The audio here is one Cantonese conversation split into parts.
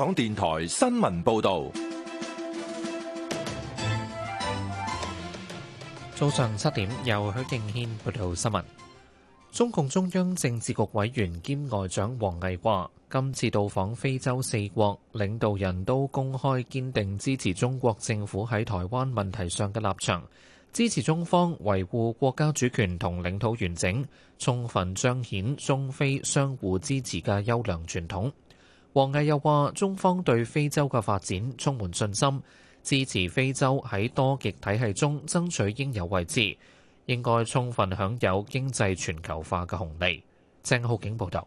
港電台新聞報道，早上七點，由許敬軒報道新聞。中共中央政治局委員兼外長王毅話，今次到訪非洲四國，領導人都公開堅定支持中國政府喺台灣問題上嘅立場，支持中方維護國家主權同領土完整，充分彰顯中非相互支持嘅優良傳統。王毅又話：中方對非洲嘅發展充滿信心，支持非洲喺多極體系中爭取應有位置，應該充分享有經濟全球化嘅紅利。鄭浩景報導。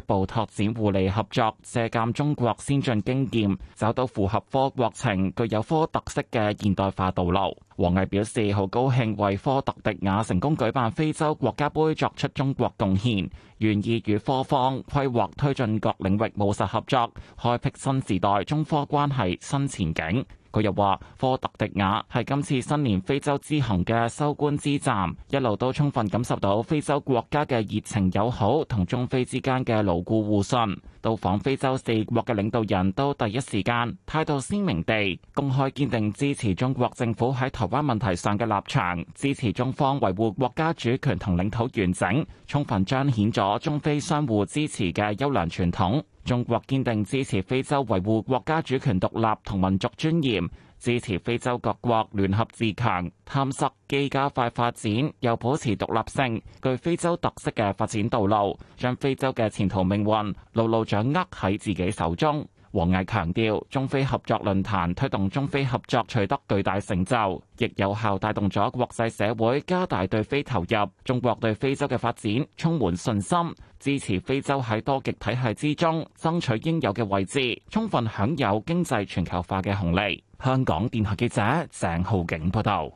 一步拓展互利合作，借鑒中國先進經驗，找到符合科國情、具有科特色嘅現代化道路。王毅表示，好高興為科特迪瓦成功舉辦非洲國家盃作出中國貢獻，願意與科方規劃推進各領域務實合作，開闢新時代中科關係新前景。佢又話科特迪瓦係今次新年非洲之行嘅收官之站，一路都充分感受到非洲國家嘅熱情友好同中非之間嘅牢固互信。到訪非洲四國嘅領導人都第一時間態度鮮明地公開堅定支持中國政府喺台灣問題上嘅立場，支持中方維護國家主權同領土完整，充分彰顯咗中非相互支持嘅優良傳統。中國堅定支持非洲維護國家主權獨立同民族尊嚴，支持非洲各國聯合自強，探索既加快發展又保持獨立性、具非洲特色嘅發展道路，將非洲嘅前途命運牢牢掌握喺自己手中。王毅強調，中非合作論壇推動中非合作取得巨大成就，亦有效帶動咗國際社會加大對非投入，中國對非洲嘅發展充滿信心，支持非洲喺多極體系之中爭取應有嘅位置，充分享有經濟全球化嘅紅利。香港電台記者鄭浩景報道。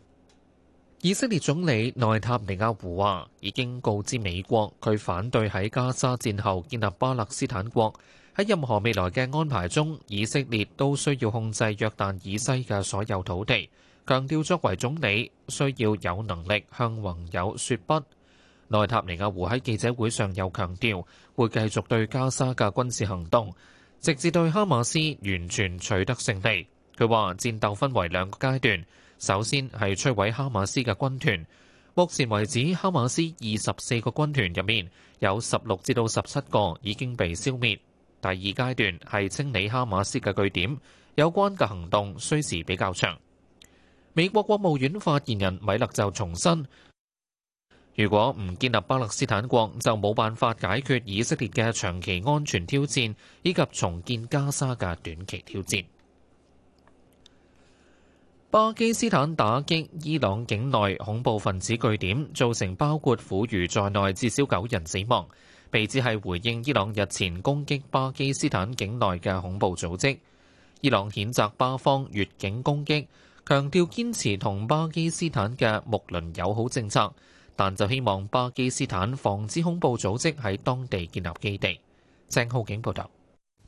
以色列總理內塔尼亞胡話已經告知美國，佢反對喺加沙戰後建立巴勒斯坦國。喺任何未來嘅安排中，以色列都需要控制約旦以西嘅所有土地。強調作為總理，需要有能力向盟友説不。內塔尼亞胡喺記者會上又強調，會繼續對加沙嘅軍事行動，直至對哈馬斯完全取得勝利。佢話戰鬥分為兩個階段，首先係摧毀哈馬斯嘅軍團。目前為止，哈馬斯二十四個軍團入面有十六至到十七個已經被消滅。第二階段係清理哈馬斯嘅據點，有關嘅行動需時比較長。美國國務院發言人米勒就重申，如果唔建立巴勒斯坦國，就冇辦法解決以色列嘅長期安全挑戰，以及重建加沙嘅短期挑戰。巴基斯坦打擊伊朗境內恐怖分子據點，造成包括婦孺在內至少九人死亡。被指係回應伊朗日前攻擊巴基斯坦境內嘅恐怖組織，伊朗譴責巴方越境攻擊，強調堅持同巴基斯坦嘅睦鄰友好政策，但就希望巴基斯坦防止恐怖組織喺當地建立基地。鄭浩景報道。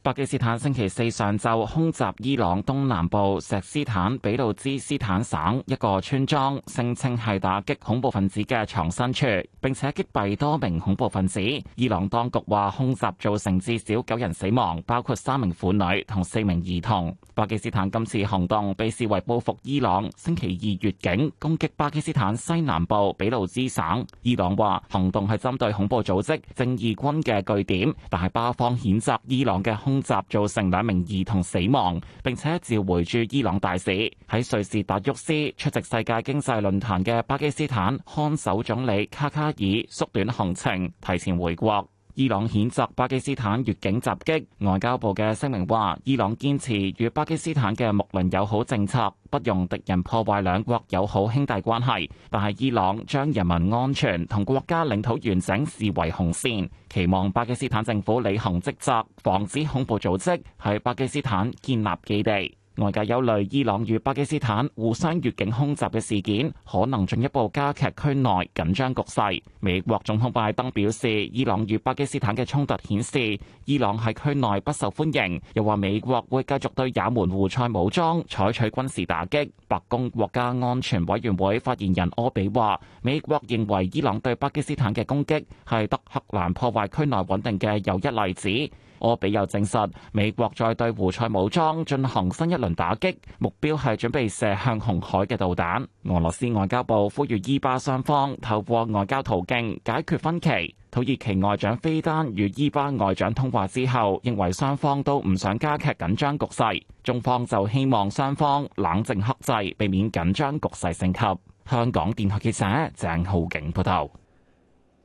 巴基斯坦星期四上晝空襲伊朗東南部錫斯坦俾路支斯坦省一個村莊，聲稱係打擊恐怖分子嘅藏身處，並且擊斃多名恐怖分子。伊朗當局話空襲造成至少九人死亡，包括三名婦女同四名兒童。巴基斯坦今次行動被視為報復伊朗星期二越境攻擊巴基斯坦西南部俾路支省。伊朗話行動係針對恐怖組織正義軍嘅據點，但係巴方譴責伊朗嘅空集造成兩名兒童死亡，並且召回駐伊朗大使。喺瑞士達沃斯出席世界經濟論壇嘅巴基斯坦看守總理卡卡爾縮短行程，提前回國。伊朗譴責巴基斯坦越境襲擊，外交部嘅聲明話：伊朗堅持與巴基斯坦嘅睦鄰友好政策，不容敵人破壞兩國友好兄弟關係。但係伊朗將人民安全同國家領土完整視為紅線，期望巴基斯坦政府履行職責，防止恐怖組織喺巴基斯坦建立基地。外界憂慮伊朗與巴基斯坦互相越境空襲嘅事件，可能進一步加劇區內緊張局勢。美國總統拜登表示，伊朗與巴基斯坦嘅衝突顯示伊朗喺區內不受歡迎，又話美國會繼續對也門胡塞武裝採取軍事打擊。白宮國家安全委員會發言人柯比話：美國認為伊朗對巴基斯坦嘅攻擊係德黑蘭破壞區內穩定嘅又一例子。我比又證實，美國在對胡塞武裝進行新一輪打擊，目標係準備射向紅海嘅導彈。俄羅斯外交部呼籲伊巴雙方透過外交途徑解決分歧。土耳其外長菲丹與伊巴外長通話之後，認為雙方都唔想加劇緊張局勢。中方就希望雙方冷靜克制，避免緊張局勢升級。香港電台記者鄭浩景報道。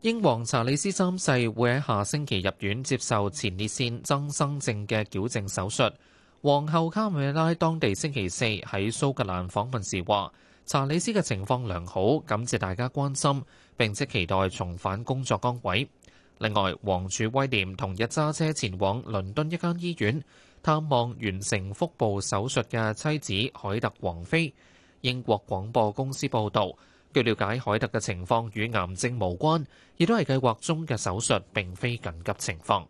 英皇查理斯三世會喺下星期入院接受前列腺增生症嘅矯正手術，皇后卡梅拉當地星期四喺蘇格蘭訪問時話，查理斯嘅情況良好，感謝大家關心，並且期待重返工作崗位。另外，王儲威廉同日揸車前往倫敦一間醫院探望完成腹部手術嘅妻子凱特王妃。英國廣播公司報道。據了解，凱特嘅情況與癌症無關，亦都係計劃中嘅手術，並非緊急情況。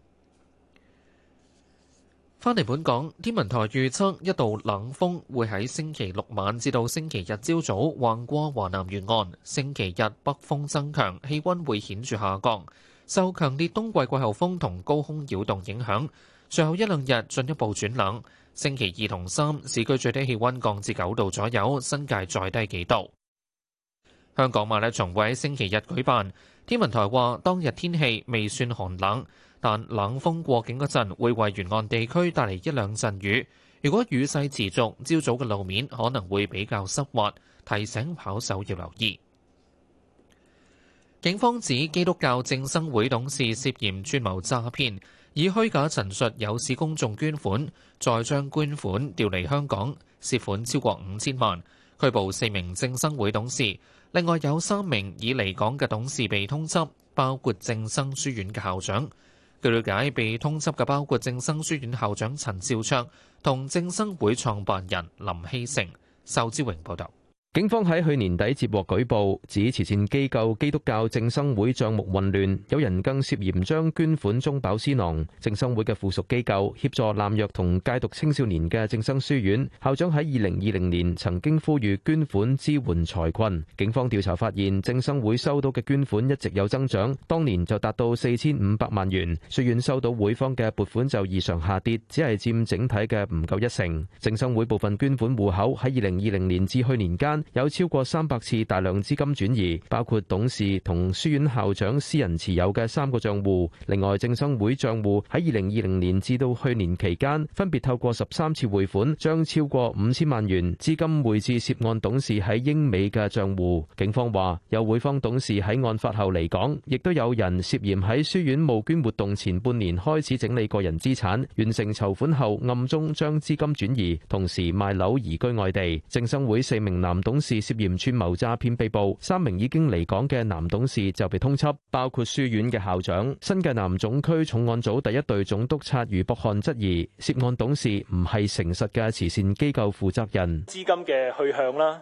翻嚟本港，天文台預測一道冷鋒會喺星期六晚至到星期日朝早橫過華南沿岸，星期日北風增強，氣溫會顯著下降。受強烈冬季季候風同高空擾動影響，隨後一兩日進一步轉冷。星期二同三，市區最低氣溫降至九度左右，新界再低幾度。香港馬拉松會喺星期日舉辦。天文台話當日天氣未算寒冷，但冷鋒過境嗰陣會為沿岸地區帶嚟一兩陣雨。如果雨勢持續，朝早嘅路面可能會比較濕滑，提醒跑手要留意。警方指基督教正生會董事涉嫌串謀詐騙，以虛假陳述誘使公眾捐款，再將捐款調離香港，涉款超過五千萬。拘捕四名正生會董事，另外有三名已離港嘅董事被通緝，包括正生書院嘅校長。據了解，被通緝嘅包括正生書院校長陳兆昌同正生會創辦人林希成。仇志榮報道。警方喺去年底接獲舉報，指慈善機構基督教正生會賬目混亂，有人更涉嫌將捐款中飽私囊。正生會嘅附屬機構協助濫藥同戒毒青少年嘅正生書院校長喺二零二零年曾經呼籲捐款支援財困。警方調查發現，正生會收到嘅捐款一直有增長，當年就達到四千五百萬元。書院收到會方嘅撥款就異常下跌，只係佔整體嘅唔夠一成。正生會部分捐款戶口喺二零二零年至去年間。有超過三百次大量資金轉移，包括董事同書院校長私人持有嘅三個帳戶。另外，正生會帳戶喺二零二零年至到去年期間，分別透過十三次匯款，將超過五千萬元資金匯至涉案董事喺英美嘅帳戶。警方話，有會方董事喺案發後嚟港，亦都有人涉嫌喺書院募捐活動前半年開始整理個人資產，完成籌款後暗中將資金轉移，同時賣樓移居外地。正生會四名男董董事涉嫌串謀詐騙被捕，三名已經離港嘅男董事就被通緝，包括書院嘅校長。新界南總區重案組第一隊總督察余博漢質疑，涉案董事唔係誠實嘅慈善機構負責人，資金嘅去向啦。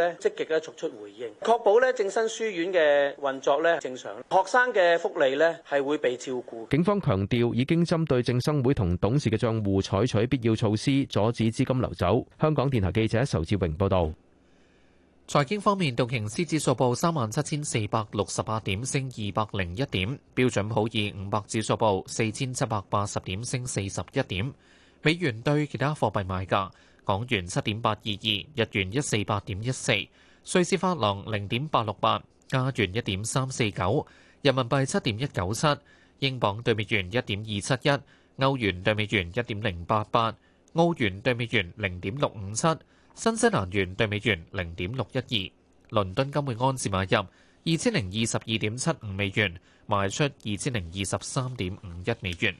咧積極嘅作出回應，確保咧正生書院嘅運作咧正常，學生嘅福利咧係會被照顧。警方強調已經針對正生會同董事嘅帳戶採取必要措施，阻止資金流走。香港電台記者仇志榮報道，財經方面，道瓊斯指數報三萬七千四百六十八點，升二百零一點；標準普爾五百指數報四千七百八十點，升四十一點。美元對其他貨幣買價。港元七點八二二，日元一四八點一四，瑞士法郎零點八六八，加元一點三四九，人民幣七點一九七，英鎊對美元一點二七一，歐元對美元一點零八八，澳元對美元零點六五七，新西蘭元對美元零點六一二。倫敦金每盎司買入二千零二十二點七五美元，賣出二千零二十三點五一美元。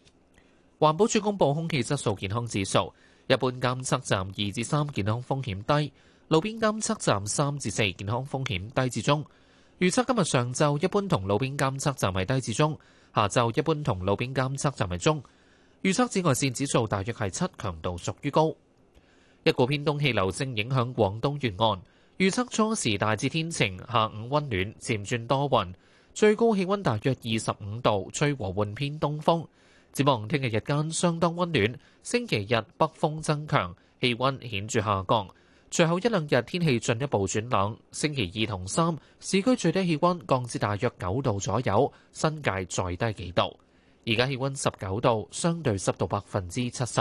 環保署公布空氣質素健康指數。一般監測站二至三健康風險低，路邊監測站三至四健康風險低至中。預測今日上晝一般同路邊監測站係低至中，下晝一般同路邊監測站係中。預測紫外線指數大約係七，強度屬於高。一股偏東氣流正影響廣東沿岸，預測初時大致天晴，下午温暖，漸轉多雲，最高氣温大約二十五度，吹和緩偏東風。展望聽日日間相當温暖，星期日北風增強，氣温顯著下降。隨後一兩日天氣進一步轉冷，星期二同三市區最低氣温降至大約九度左右，新界再低幾度。而家氣温十九度，相對濕度百分之七十。